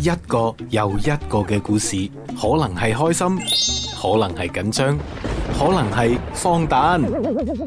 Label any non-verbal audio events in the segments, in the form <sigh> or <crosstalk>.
一個又一個嘅故事，可能係開心，可能係緊張，可能係放膽，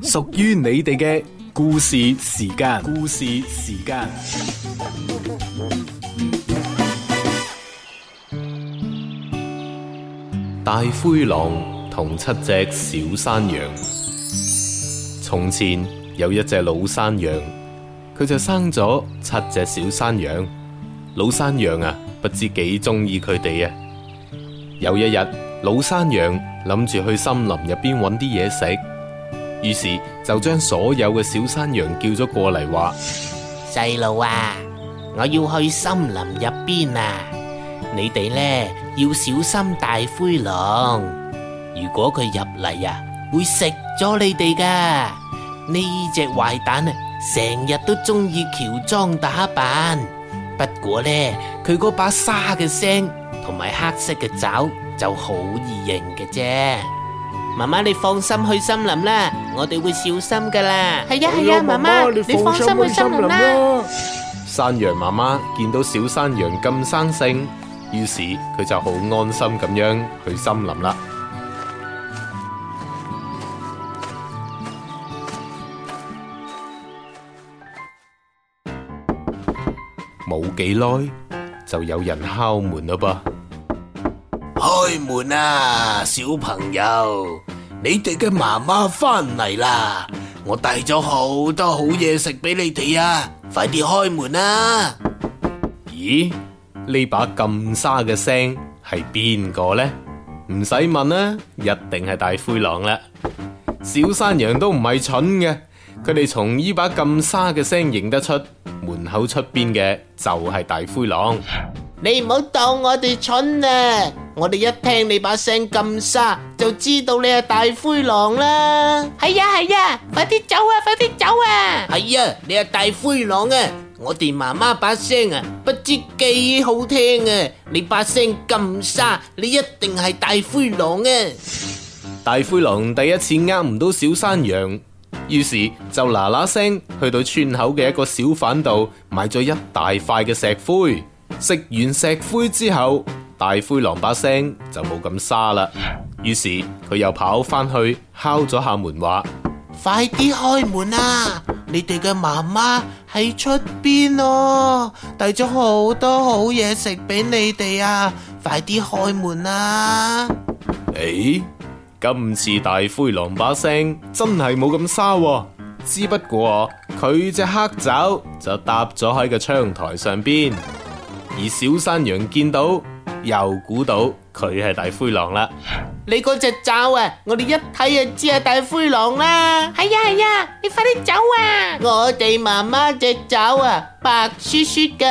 屬於你哋嘅故事時間。故事時間。大灰狼同七隻小山羊。從前有一隻老山羊，佢就生咗七隻小山羊。老山羊啊，不知幾中意佢哋啊！有一日，老山羊諗住去森林入邊揾啲嘢食，於是就將所有嘅小山羊叫咗過嚟，話：細路啊，我要去森林入邊啊！你哋呢，要小心大灰狼，如果佢入嚟啊，會食咗你哋噶。呢隻壞蛋啊，成日都中意喬裝打扮。不過呢，佢嗰把沙嘅聲同埋黑色嘅爪就好易認嘅啫。媽媽，你放心去森林啦，我哋會小心噶啦。係啊係啊，媽媽，你放心去森林啦。山羊媽媽見到小山羊咁生性，於是佢就好安心咁樣去森林啦。幾耐就有人敲門喇噃？開門啊，小朋友，你哋嘅媽媽翻嚟啦，我帶咗好多好嘢食俾你哋啊，快啲開門啊！咦，呢把咁沙嘅聲係邊個呢？唔使問啦，一定係大灰狼啦。小山羊都唔係蠢嘅。佢哋從呢把咁沙嘅聲認得出門口出邊嘅就係大灰狼。你唔好當我哋蠢啊！我哋一聽你把聲咁沙，就知道你係大灰狼啦。係呀，啊，係呀，啊啊，快啲走啊，快啲走啊！係呀，啊啊，你係大灰狼啊！我哋媽媽把聲啊，不知幾好聽啊！你把聲咁沙，你一定係大灰狼啊！ <laughs> 大灰狼第一次呃唔到小山羊。於是就嗱嗱聲去到村口嘅一個小販度買咗一大塊嘅石灰。食完石灰之後，大灰狼把聲就冇咁沙啦。於是佢又跑翻去敲咗下門，話：快啲開門啊！你哋嘅媽媽喺出邊咯，帶咗好多好嘢食俾你哋啊！快啲開門啊！欸，誒。今次大灰狼把聲真係冇咁沙啊，只不過佢隻黑爪就搭咗喺個窗台上面，而小山羊見到又估到佢係大灰狼啦。你嗰隻爪啊，我哋一睇就知係大灰狼啦。係呀係呀，你快啲走啊！我哋媽媽隻爪啊，白雪雪噶，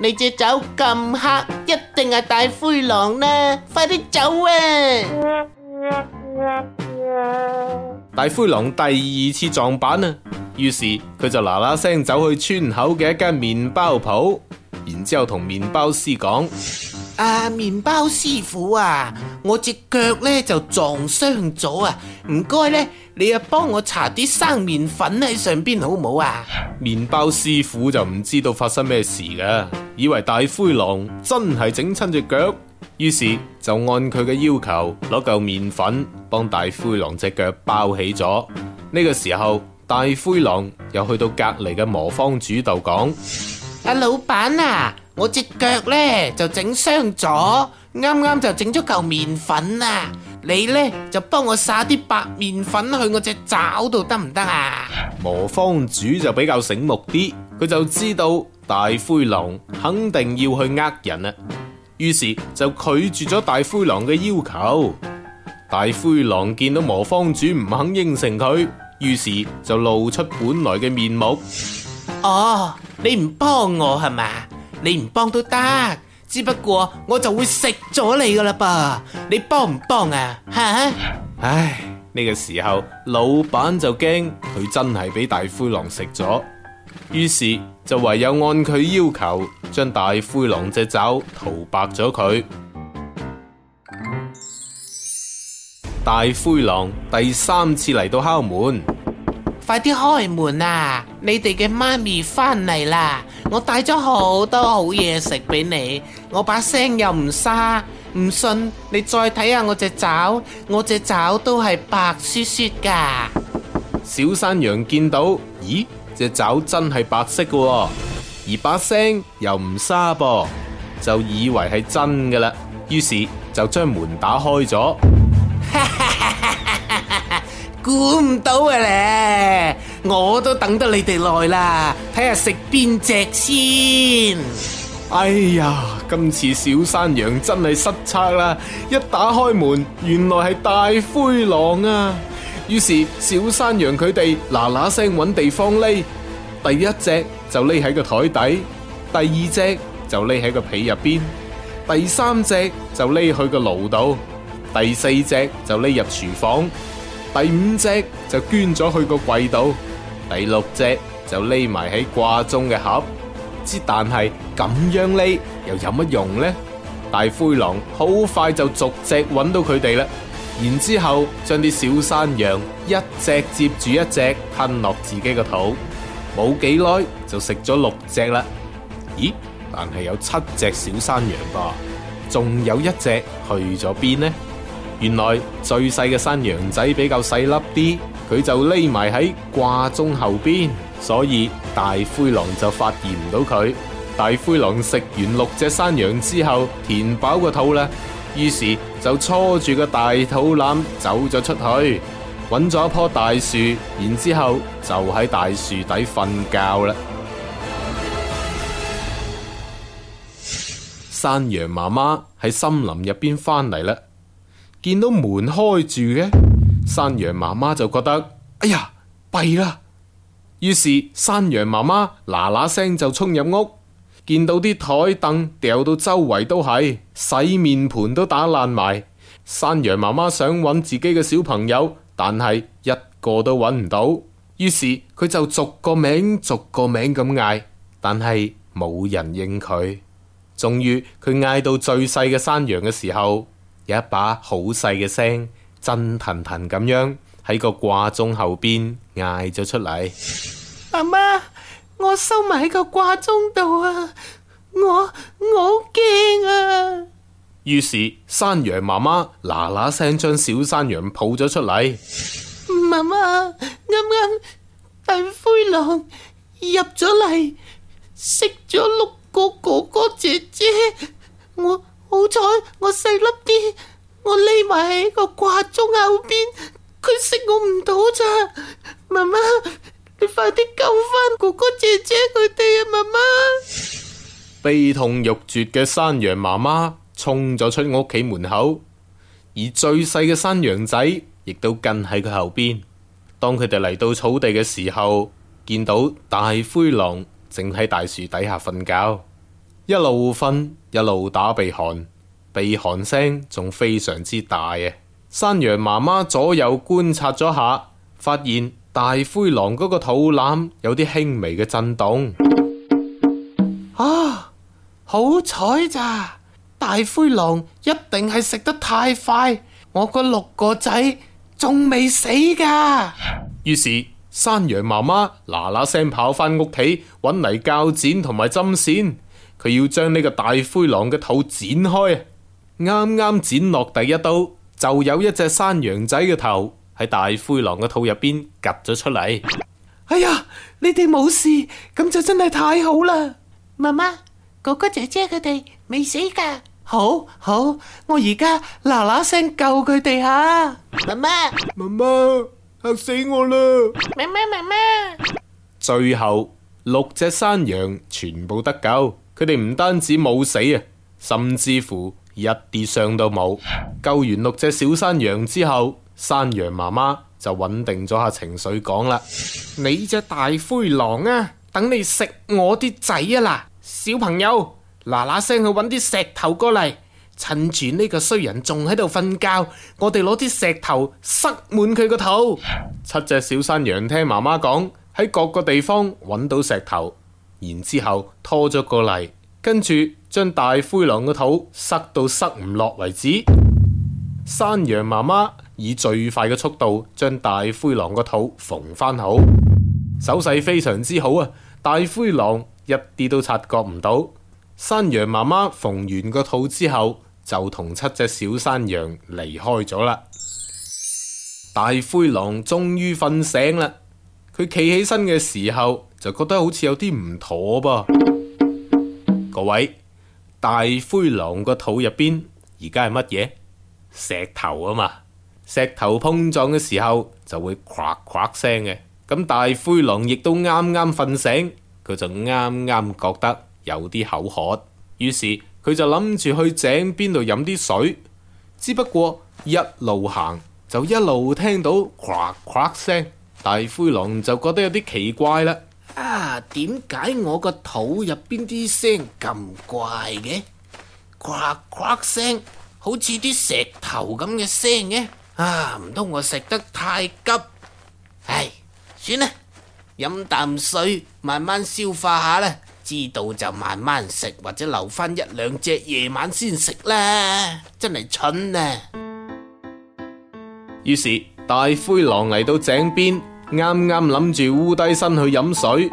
你隻爪咁黑，一定係大灰狼啦，快啲走啊！呃呃大灰狼第二次撞板啊！於是佢就嗱嗱聲走去村口嘅一間麵包鋪，然之後同麵包師講：啊，麵包師傅啊，我隻腳咧就撞傷咗啊！唔該咧，你啊幫我搽啲生麵粉喺上邊好唔好啊？麵包師傅就唔知道發生咩事噶，以為大灰狼真係整親隻腳，於是就按佢嘅要求攞嚿麵粉。幫大灰狼隻腳包起咗。呢個時候，大灰狼又去到隔籬嘅磨坊主度講：阿老闆啊，我隻腳呢就整傷咗，啱啱就整咗嚿麵粉啊！你呢就幫我撒啲白麵粉去我隻爪度得唔得啊？磨坊主就比較醒目啲，佢就知道大灰狼肯定要去呃人啊，於是就拒絕咗大灰狼嘅要求。大灰狼見到磨坊主唔肯應承佢，於是就露出本來嘅面目。哦，你唔幫我係嘛？你唔幫都得，只不過我就會食咗你噶啦噃。你幫唔幫啊？吓、啊！唉、呢、這個時候老闆就驚佢真係俾大灰狼食咗，於是就唯有按佢要求，將大灰狼隻爪塗白咗佢。大灰狼第三次嚟到敲門，快啲開門啊！你哋嘅媽咪返嚟啦，我帶咗好多好嘢食俾你，我把聲又唔沙，唔信你再睇下我隻爪，我隻爪都係白雪雪噶。小山羊見到，咦，隻爪真係白色噶，而把聲又唔沙噃，就以為係真噶啦，於是就將門打開咗。估唔 <laughs> 到啊咧！我都等得你哋耐啦，睇下食邊隻先。哎呀，今次小山羊真係失策啦！一打開門，原來係大灰狼啊！於是小山羊佢哋嗱嗱聲揾地方匿，第一隻就匿喺個台底，第二隻就匿喺個被入邊，第三隻就匿去個爐度。第四隻就匿入廚房，第五隻就捐咗去個櫃度，第六隻就匿埋喺掛鐘嘅盒。之但係咁樣匿又有乜用呢？大灰狼好快就逐隻揾到佢哋啦，然之後將啲小山羊一隻接住一隻吞落自己個肚。冇幾耐就食咗六隻啦。咦？但係有七隻小山羊噃，仲有一隻去咗邊呢？原來最細嘅山羊仔比較細粒啲，佢就匿埋喺掛鐘後邊，所以大灰狼就發現唔到佢。大灰狼食完六隻山羊之後，填飽個肚啦，於是就搓住個大肚腩走咗出去，搵咗一棵大樹，然之後就喺大樹底瞓覺啦。山羊媽媽喺森林入邊返嚟啦。見到門開住嘅，山羊媽媽就覺得，哎呀，弊啦！於是山羊媽媽嗱嗱聲就衝入屋，見到啲檯凳掉到周圍都係，洗面盆都打爛埋。山羊媽媽想揾自己嘅小朋友，但係一個都揾唔到。於是佢就逐個名逐個名咁嗌，但係冇人應佢。終於佢嗌到最細嘅山羊嘅時候。一把好細嘅聲，震騰騰咁樣喺個掛鐘後邊嗌咗出嚟。媽媽，我收埋喺個掛鐘度啊，我我好驚啊！於是山羊媽媽嗱嗱聲將小山羊抱咗出嚟。媽媽，啱啱大灰狼入咗嚟，食咗六個哥哥姐姐，我。好彩我細粒啲，我匿埋喺個掛鐘後邊，佢食我唔到咋。媽媽，你快啲救返哥哥姐姐佢哋啊！媽媽，悲痛欲絕嘅山羊媽媽衝咗出我屋企門口，而最細嘅山羊仔亦都跟喺佢後邊。當佢哋嚟到草地嘅時候，見到大灰狼正喺大樹底下瞓覺。一路瞓，一路打鼻鼾，鼻鼾聲仲非常之大啊！山羊媽媽左右觀察咗下，發現大灰狼嗰個肚腩有啲輕微嘅震動。啊，好彩咋！大灰狼一定係食得太快，我嗰六個仔仲未死噶。於是山羊媽媽嗱嗱聲跑返屋企，搵嚟鉸剪同埋針線。佢要將呢個大灰狼嘅肚剪開啊！啱啱剪落第一刀，就有一隻山羊仔嘅頭喺大灰狼嘅肚入邊夾咗出嚟。哎呀，你哋冇事咁就真係太好啦！媽媽、哥哥、姐姐佢哋未死㗎。好，好，我而家嗱嗱聲救佢哋吓。媽媽，媽媽嚇死我啦！媽媽，媽媽，最後六隻山羊全部得救。佢哋唔單止冇死啊，甚至乎一啲傷都冇。救完六隻小山羊之後，山羊媽媽就穩定咗下情緒，講啦：你隻大灰狼啊，等你食我啲仔啊啦！小朋友，嗱嗱聲去搵啲石頭過嚟，趁住呢個衰人仲喺度瞓覺，我哋攞啲石頭塞滿佢個肚。七隻小山羊聽媽媽講，喺各個地方搵到石頭。然之後拖咗過嚟，跟住將大灰狼嘅肚塞到塞唔落為止。山羊媽媽以最快嘅速度將大灰狼嘅肚縫返好，手勢非常之好啊！大灰狼一啲都察覺唔到。山羊媽媽縫完個肚之後，就同七隻小山羊離開咗啦。大灰狼終於瞓醒啦，佢企起身嘅時候，就覺得好似有啲唔妥噃。各位，大灰狼個肚入邊而家係乜嘢？石頭啊嘛，石頭碰撞嘅時候就會咵咵聲嘅。咁大灰狼亦都啱啱瞓醒，佢就啱啱覺得有啲口渴，於是佢就諗住去井邊度飲啲水。只不過一路行，就一路聽到咵咵聲，大灰狼就覺得有啲奇怪啦。啊！點解我個肚入邊啲聲咁怪嘅？呱呱聲，好似啲石頭咁嘅聲嘅。啊，唔通我食得太急？唉，算啦，飲啖水，慢慢消化下啦。知道就慢慢食，或者留翻一兩隻夜晚先食啦。真係蠢呢、啊。於是大灰狼嚟到井邊。啱啱諗住烏低身去飲水，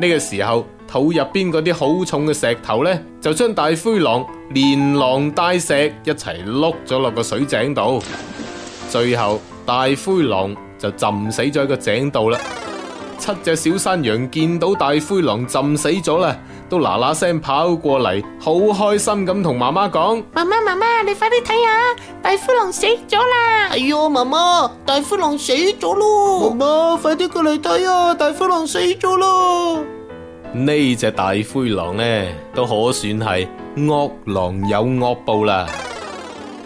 呢個時候肚入邊嗰啲好重嘅石頭咧，就將大灰狼連狼帶石一齊碌咗落個水井度，最後大灰狼就浸死咗喺個井度啦。七隻小山羊見到大灰狼浸死咗啦。都嗱嗱聲跑過嚟，好開心咁同媽媽講：媽媽媽媽，你快啲睇下，大灰狼死咗啦！哎喲，媽媽，大灰狼死咗咯！媽媽，快啲過嚟睇啊！大灰狼死咗咯！呢隻大，大灰狼呢，都可算係惡狼有惡報啦。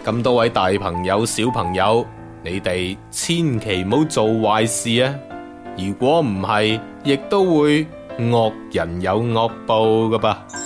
咁多位大朋友、小朋友，你哋千祈唔好做壞事啊！如果唔係，亦都會。惡人有惡報，噶噃。